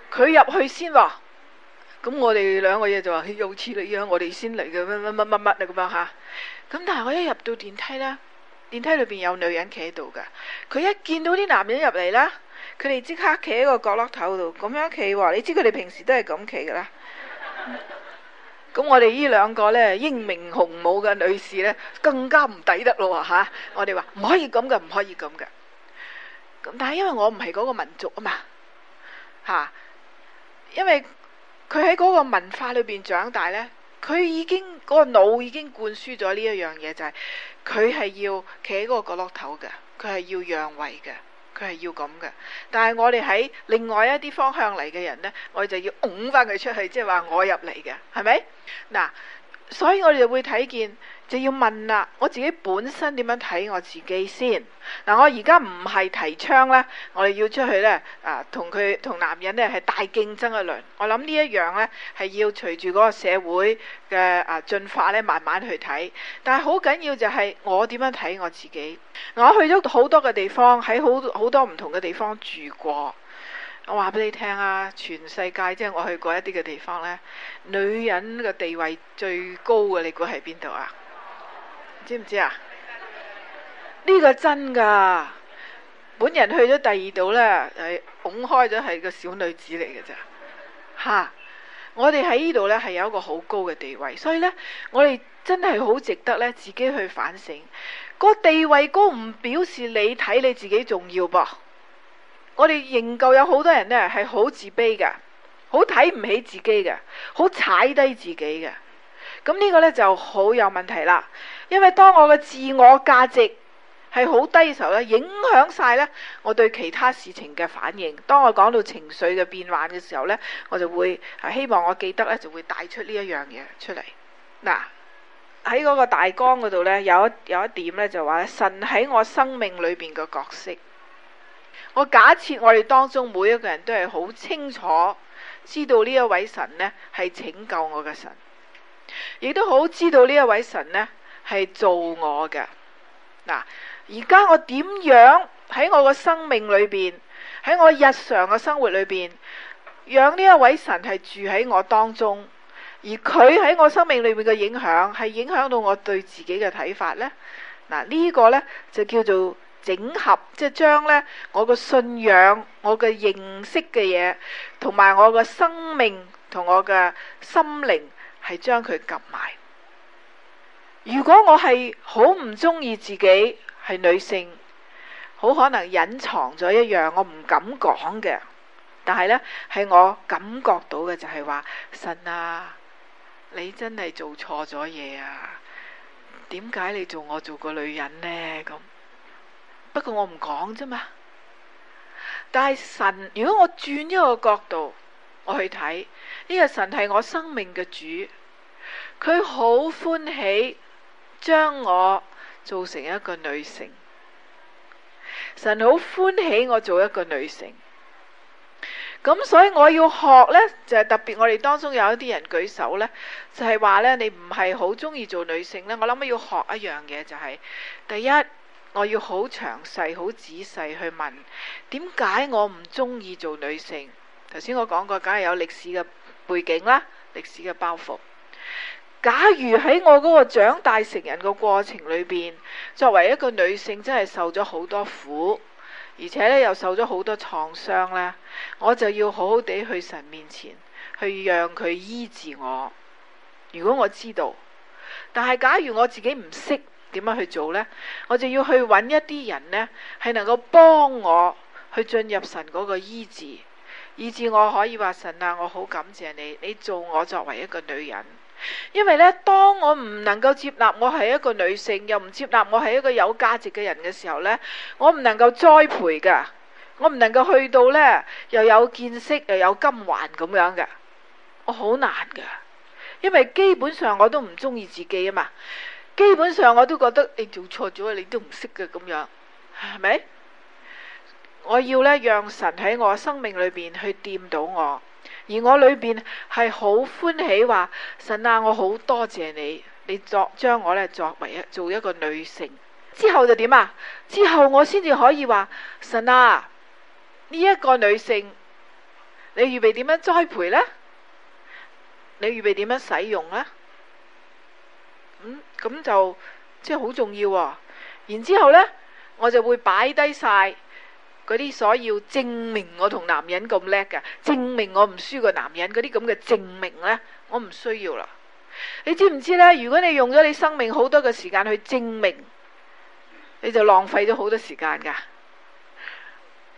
佢、哦、入去先喎。咁、哦嗯、我哋兩個嘢就話，豈有此理，我哋先嚟嘅，乜乜乜乜乜啊咁樣吓。咁但係我一入到電梯咧，電梯裏邊有女人企喺度噶，佢一見到啲男人入嚟啦，佢哋即刻企喺個角落頭度，咁樣企喎。你知佢哋平時都係咁企噶啦。咁 我哋呢兩個咧英明雄武嘅女士咧，更加唔抵得咯吓、啊。我哋話唔可以咁嘅，唔可以咁嘅。咁但係因為我唔係嗰個民族啊嘛，吓、啊，因為佢喺嗰個文化裏邊長大咧。佢已經嗰個腦已經灌輸咗呢一樣嘢，就係佢係要企喺個角落頭嘅，佢係要讓位嘅，佢係要咁嘅。但係我哋喺另外一啲方向嚟嘅人呢，我就要拱翻佢出去，即係話我入嚟嘅，係咪？嗱，所以我哋會睇見。就要問啦，我自己本身點樣睇我自己先？嗱，我而家唔係提倡呢，我哋要出去呢，啊、呃，同佢同男人呢係大競爭一輪。我諗呢一樣呢，係要隨住嗰個社會嘅啊進化呢慢慢去睇。但係好緊要就係我點樣睇我自己。我去咗好多嘅地方，喺好好多唔同嘅地方住過。我話俾你聽啊，全世界即係我去過一啲嘅地方呢，女人嘅地位最高嘅，你估喺邊度啊？知唔知啊？呢個真噶，本人去咗第二度呢，係拱開咗係個小女子嚟嘅咋吓，我哋喺呢度呢，係有一個好高嘅地位，所以呢，我哋真係好值得呢，自己去反省。個地位高唔表示你睇你自己重要噃。我哋仍舊有好多人呢，係好自卑嘅，好睇唔起自己嘅，好踩低自己嘅。咁呢個呢，就好有問題啦。因為當我嘅自我價值係好低嘅時候咧，影響晒咧我對其他事情嘅反應。當我講到情緒嘅變幻嘅時候咧，我就會希望我記得咧就會帶出呢一樣嘢出嚟。嗱，喺嗰個大綱嗰度咧，有有一點咧就話神喺我生命裏邊嘅角色。我假設我哋當中每一個人都係好清楚知道呢一位神呢係拯救我嘅神，亦都好知道呢一位神呢，係做我嘅。嗱，而家我點樣喺我個生命裏邊，喺我日常嘅生活裏邊，讓呢一位神係住喺我當中，而佢喺我生命裏面嘅影響，係影響到我對自己嘅睇法呢？嗱呢，這個呢，就叫做整合，即係將呢我嘅信仰、我嘅認識嘅嘢，同埋我嘅生命同我嘅心靈，係將佢夾埋。如果我係好唔中意自己係女性，好可能隱藏咗一樣我唔敢講嘅，但係咧係我感覺到嘅就係話神啊，你真係做錯咗嘢啊！點解你做我做個女人呢？咁不過我唔講啫嘛。但係神，如果我轉一個角度我去睇，呢個神係我生命嘅主，佢好歡喜。將我做成一個女性，神好歡喜我做一個女性。咁所以我要學呢，就係、是、特別我哋當中有一啲人舉手呢，就係話呢：「你唔係好中意做女性呢，我諗我要學一樣嘢就係、是，第一我要好詳細、好仔細去問，點解我唔中意做女性？頭先我講過，梗係有歷史嘅背景啦，歷史嘅包袱。假如喺我嗰個長大成人嘅過程裏邊，作為一個女性，真係受咗好多苦，而且咧又受咗好多創傷咧，我就要好好地去神面前去讓佢醫治我。如果我知道，但係假如我自己唔識點樣去做咧，我就要去揾一啲人咧，係能夠幫我去進入神嗰個醫治，以致我可以話神啊，我好感謝你，你做我作為一個女人。因為咧，當我唔能夠接納我係一個女性，又唔接納我係一個有價值嘅人嘅時候呢，我唔能夠栽培噶，我唔能夠去到呢，又有見識又有金環咁樣嘅，我好難噶。因為基本上我都唔中意自己啊嘛，基本上我都覺得你做錯咗，你都唔識嘅咁樣，係咪？我要呢，讓神喺我生命裏邊去掂到我。而我裏邊係好歡喜，話神啊，我好多謝你，你作將我咧作為一做一個女性之後就點啊？之後我先至可以話神啊，呢一個女性，你預備點樣栽培呢？你預備點樣使用呢？嗯，咁就即係好重要啊！然之後咧，我就會擺低晒。嗰啲所要證明我同男人咁叻嘅，證明我唔輸過男人嗰啲咁嘅證明呢，我唔需要啦。你知唔知呢？如果你用咗你生命好多嘅時間去證明，你就浪費咗好多時間噶。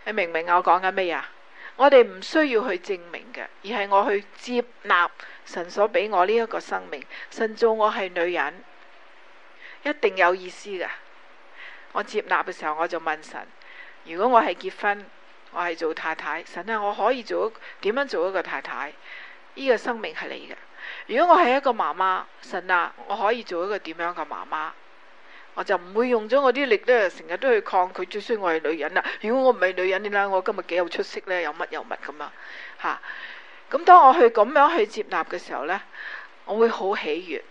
你明唔明我講緊咩啊？我哋唔需要去證明嘅，而係我去接納神所俾我呢一個生命。神造我係女人，一定有意思噶。我接納嘅時候，我就問神。如果我係結婚，我係做太太，神啊，我可以做點樣做一個太太？呢個生命係你嘅。如果我係一個媽媽，神啊，我可以做一個點樣嘅媽媽？我就唔會用咗我啲力咧，成日都去抗拒，最衰我係女人啦。如果我唔係女人咧，我今日幾有出息咧，有乜有乜咁啊？吓，咁當我去咁樣去接納嘅時候呢，我會好喜悅。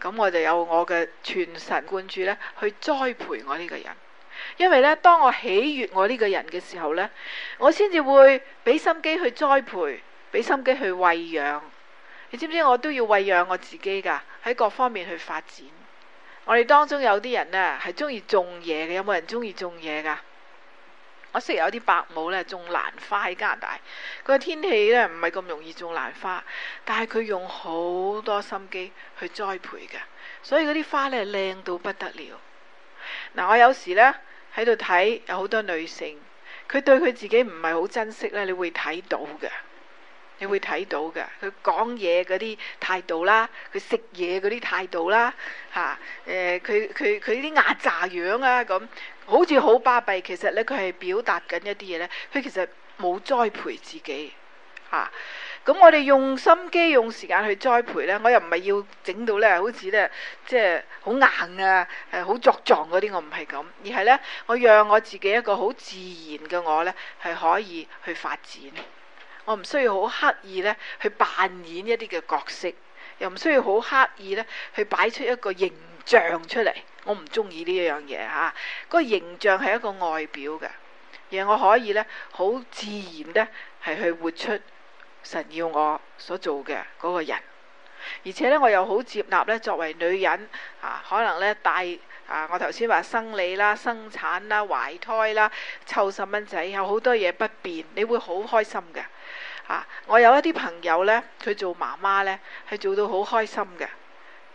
咁我就有我嘅全神貫注咧，去栽培我呢個人。因為咧，當我喜悦我呢個人嘅時候呢，我先至會俾心機去栽培，俾心機去餵養。你知唔知我都要餵養我自己噶喺各方面去發展。我哋當中有啲人呢係中意種嘢嘅，有冇人中意種嘢噶我識有啲伯母呢種蘭花喺加拿大，佢個天氣呢唔係咁容易種蘭花，但係佢用好多心機去栽培嘅，所以嗰啲花呢靚到不得了。嗱，呃，我有時呢。喺度睇有好多女性，佢對佢自己唔係好珍惜咧，你會睇到嘅，你會睇到嘅。佢講嘢嗰啲態度啦，佢食嘢嗰啲態度啦，吓誒，佢佢佢啲牙擦樣啊咁，好似好巴閉，其實咧佢係表達緊一啲嘢咧，佢其實冇栽培自己，吓、啊。咁我哋用心機用時間去栽培呢，我又唔係要整到呢，好似呢，即係好硬啊，誒、啊、好作狀嗰啲，我唔係咁，而係呢，我讓我自己一個好自然嘅我呢，係可以去發展。我唔需要好刻意呢去扮演一啲嘅角色，又唔需要好刻意呢去擺出一個形象出嚟。我唔中意呢樣嘢，吓，嗰、啊那個形象係一個外表嘅，而我可以呢，好自然呢，係去活出。神要我所做嘅嗰個人，而且呢，我又好接納呢，作為女人啊，可能呢，帶啊，我頭先話生理啦、生產啦、懷胎啦、湊細蚊仔，有好多嘢不便，你會好開心嘅。啊，我有一啲朋友呢，佢做媽媽呢，係做到好開心嘅，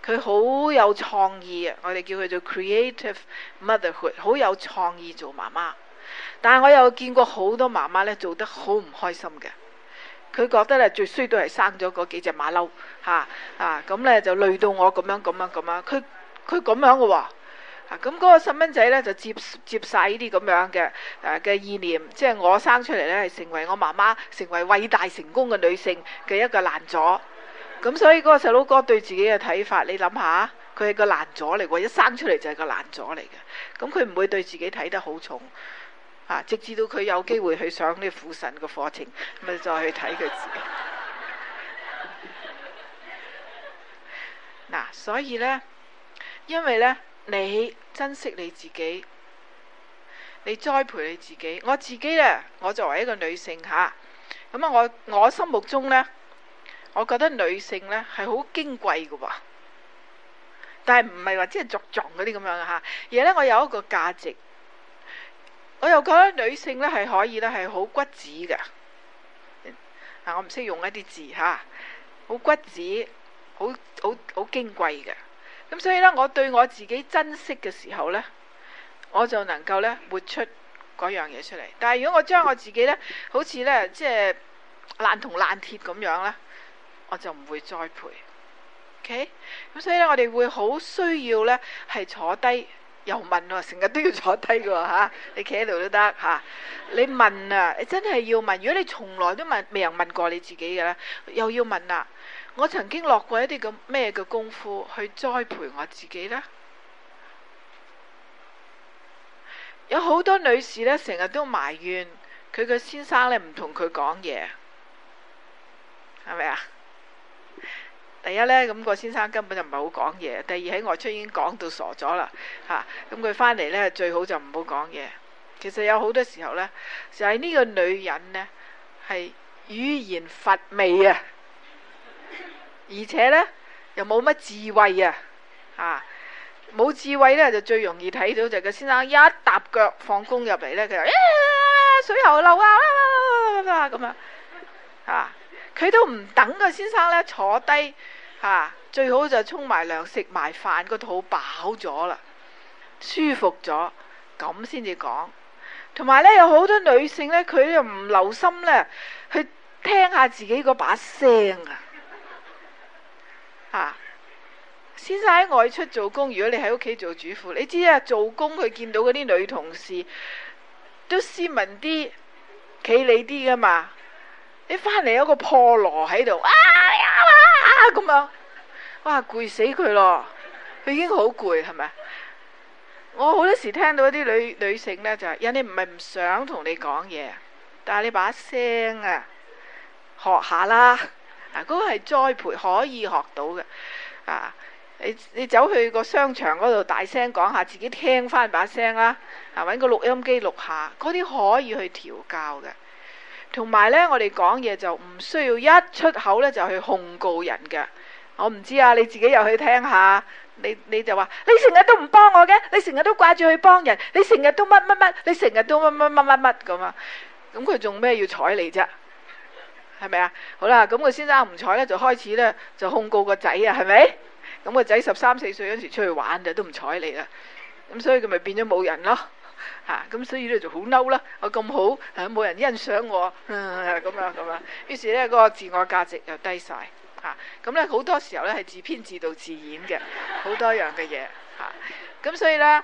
佢好有創意，我哋叫佢做 creative motherhood，好有創意做媽媽。但係我又見過好多媽媽呢，做得好唔開心嘅。佢覺得咧，最衰都係生咗嗰幾隻馬騮嚇啊！咁咧就累到我咁樣咁樣咁樣，佢佢咁樣嘅喎啊！咁嗰個細蚊仔咧就接接曬呢啲咁樣嘅誒嘅意念，即係我生出嚟咧係成為我媽媽成為偉大成功嘅女性嘅一個攔阻。咁所以嗰個細佬哥對自己嘅睇法，你諗下，佢係個攔阻嚟喎，一生出嚟就係個攔阻嚟嘅。咁佢唔會對自己睇得好重。啊！直至到佢有機會去上呢副神嘅課程，咪 再去睇佢自己。 嗱，所以咧，因為咧，你珍惜你自己，你栽培你自己。我自己咧，我作為一個女性嚇，咁啊，啊，我我心目中咧，我覺得女性咧係好矜貴嘅喎。但係唔係話即係作狀嗰啲咁樣嚇，啊，而係咧，我有一個價值。我又覺得女性咧係可以咧係好骨子嘅，啊我唔識用一啲字嚇，好骨子，好好好矜貴嘅。咁所以咧，我對我自己珍惜嘅時候咧，我就能夠咧活出嗰樣嘢出嚟。但係如果我將我自己咧，好似咧即係爛銅爛鐵咁樣咧，我就唔會栽培。OK，咁所以咧，我哋會好需要咧係坐低。又問喎，成日都要坐低嘅喎嚇，你企喺度都得嚇。你問啊，你真係要問。如果你從來都問，未人問過你自己嘅咧，又要問啊。我曾經落過一啲咁咩嘅功夫去栽培我自己咧。有好多女士呢，成日都埋怨佢嘅先生呢唔同佢講嘢，係咪啊？是第一呢，咁、個先生根本就唔係好講嘢。第二喺外出已經講到傻咗啦，嚇、啊！咁佢返嚟呢，最好就唔好講嘢。其實有好多時候呢，就係、是、呢個女人呢，係語言乏味啊，而且呢，又冇乜智慧啊，嚇！冇智慧呢，就最容易睇到就係、是、個先生一踏腳放工入嚟呢，佢就、啊、水喉漏啊咁樣，嚇、啊！啊啊啊啊啊啊啊佢都唔等個先生咧，坐低吓、啊，最好就沖埋涼、食埋飯，個肚飽咗啦，舒服咗，咁先至講。同埋咧有好多女性咧，佢又唔留心咧，去聽下自己嗰把聲啊吓。先生喺外出做工，如果你喺屋企做主婦，你知啊，做工佢見到嗰啲女同事都斯文啲、企理啲噶嘛。你翻嚟有個破鑼喺度，啊，啊咁樣，哇攰死佢咯，佢已經好攰係咪？我好多時聽到啲女女性呢，就係有啲唔係唔想同你講嘢，但係你把聲啊學下啦，嗱嗰個係栽培可以學到嘅，啊你你走去個商場嗰度大聲講下，自己聽翻把聲啦，啊搵個錄音機錄下，嗰啲可以去調教嘅。同埋呢，我哋講嘢就唔需要一出口呢就去控告人嘅。我唔知啊，你自己又去聽下。你你就話你成日都唔幫我嘅，你成日都掛住去幫人，你成日都乜乜乜，你成日都乜乜乜乜乜咁啊？咁佢仲咩要睬你啫？係咪啊？好啦，咁個先生唔睬呢，就開始呢，就控告個仔啊，係咪？咁個仔十三四歲嗰時出去玩就都唔睬你啦。咁所以佢咪變咗冇人咯。吓，咁、啊、所以咧就好嬲啦！我咁好，冇、啊、人欣賞我，咁樣咁、啊、樣、啊。於是咧、個自我價值又低晒，吓咁咧好多時候咧係自編自導自演嘅，好多樣嘅嘢，吓、啊、咁所以咧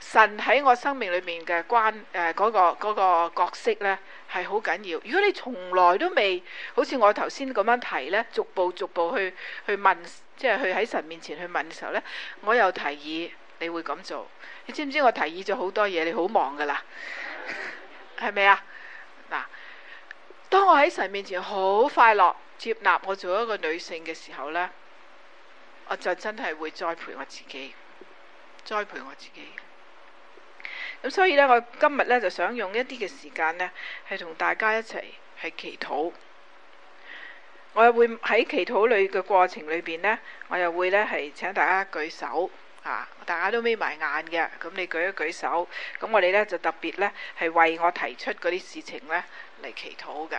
神喺我生命裏面嘅關誒嗰、呃嗰個、嗰個角色咧係好緊要。如果你從來都未好似我頭先咁樣提咧，逐步逐步去去問，即、就、係、是、去喺神面前去問嘅時候咧，我又提議。你會咁做？你知唔知我提議咗好多嘢？你好忙噶啦，係咪啊？嗱，當我喺神面前好快樂接納我做一個女性嘅時候呢，我就真係會栽培我自己，栽培我自己。咁所以呢，我今日呢就想用一啲嘅時間呢，係同大家一齊去祈禱。我又會喺祈禱裏嘅過程裏邊呢，我又會呢係請大家舉手。啊！大家都眯埋眼嘅，咁你舉一舉手，咁我哋呢就特別呢係為我提出嗰啲事情呢嚟祈禱嘅。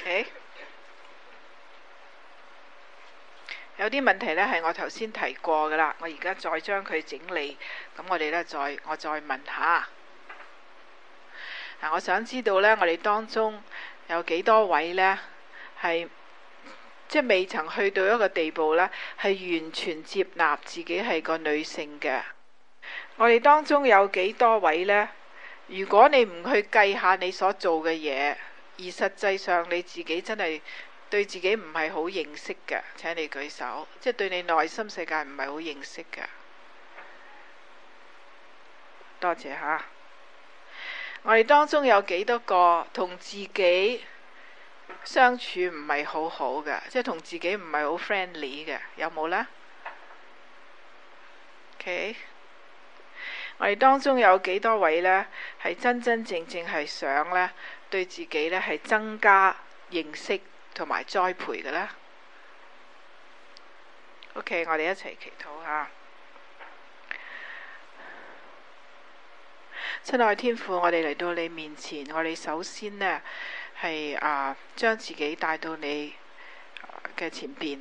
OK，有啲問題呢係我頭先提過噶啦，我而家再將佢整理，咁我哋呢再我再問下。嗱，我想知道呢，我哋當中有幾多位呢係？即未曾去到一個地步呢，係完全接納自己係個女性嘅。我哋當中有幾多位呢？如果你唔去計下你所做嘅嘢，而實際上你自己真係對自己唔係好認識嘅，請你舉手。即係對你內心世界唔係好認識嘅。多謝吓。我哋當中有幾多個同自己？相處唔係好好嘅，即係同自己唔係好 friendly 嘅，有冇呢？OK，我哋當中有幾多位呢？係真真正正係想呢，對自己呢係增加認識同埋栽培嘅呢。OK，我哋一齊祈禱吓，親愛天父，我哋嚟到你面前，我哋首先呢。係啊，將自己帶到你嘅前邊，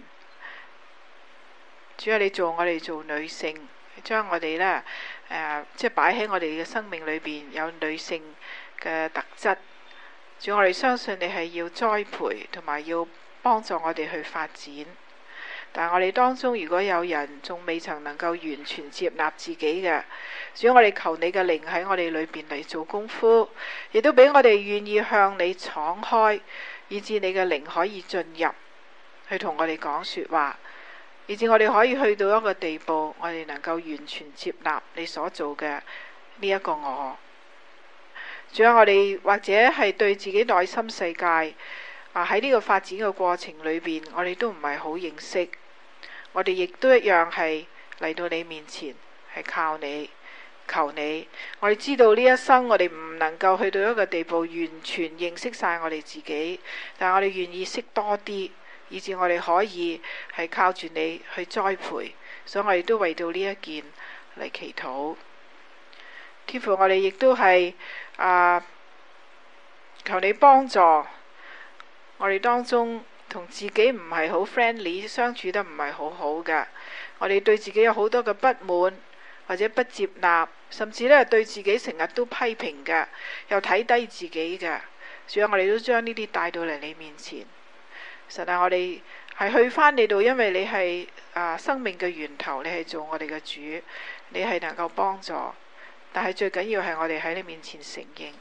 主要你做我哋做女性，將我哋咧誒，即係擺喺我哋嘅生命裏邊有女性嘅特質，主要我哋相信你係要栽培同埋要幫助我哋去發展。但係我哋當中，如果有人仲未曾能夠完全接納自己嘅，主要我哋求你嘅靈喺我哋裏邊嚟做功夫，亦都俾我哋願意向你敞開，以致你嘅靈可以進入，去同我哋講說話，以致我哋可以去到一個地步，我哋能夠完全接納你所做嘅呢一個我。仲有我哋或者係對自己內心世界啊，喺呢個發展嘅過程裏邊，我哋都唔係好認識。我哋亦都一樣係嚟到你面前，係靠你，求你。我哋知道呢一生我哋唔能夠去到一個地步完全認識晒我哋自己，但我哋願意識多啲，以至我哋可以係靠住你去栽培。所以我哋都為到呢一件嚟祈禱。天父，我哋亦都係啊，呃，求你幫助我哋當中。同自己唔係好 friendly 相處得唔係好好噶，我哋對自己有好多嘅不滿，或者不接納，甚至呢對自己成日都批評噶，又睇低自己噶，所以我哋都將呢啲帶到嚟你面前。實啊，我哋係去返你度，因為你係啊生命嘅源頭，你係做我哋嘅主，你係能夠幫助。但係最緊要係我哋喺你面前承認。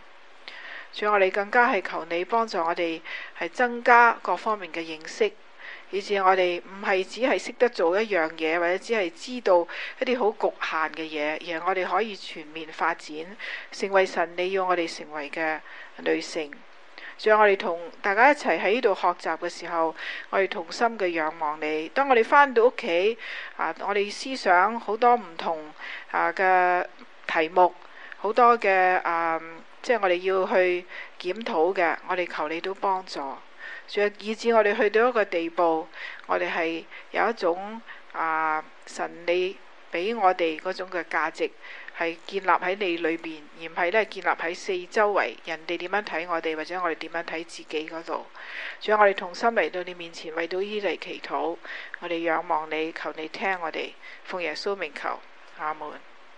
所以我哋更加係求你幫助我哋，係增加各方面嘅認識，以至我哋唔係只係識得做一樣嘢，或者只係知道一啲好局限嘅嘢，而係我哋可以全面發展，成為神你要我哋成為嘅女性。所以我哋同大家一齊喺呢度學習嘅時候，我哋同心嘅仰望你。當我哋翻到屋企啊，我哋思想好多唔同啊嘅、呃、題目，好多嘅啊。呃即係我哋要去檢討嘅，我哋求你都幫助，仲要以至我哋去到一個地步，我哋係有一種啊、呃、神你畀我哋嗰種嘅價值係建立喺你裏邊，而唔係咧建立喺四周圍人哋點樣睇我哋，或者我哋點樣睇自己嗰度。仲有我哋同心嚟到你面前，為到伊嚟祈禱，我哋仰望你，求你聽我哋，奉耶穌名求，阿門。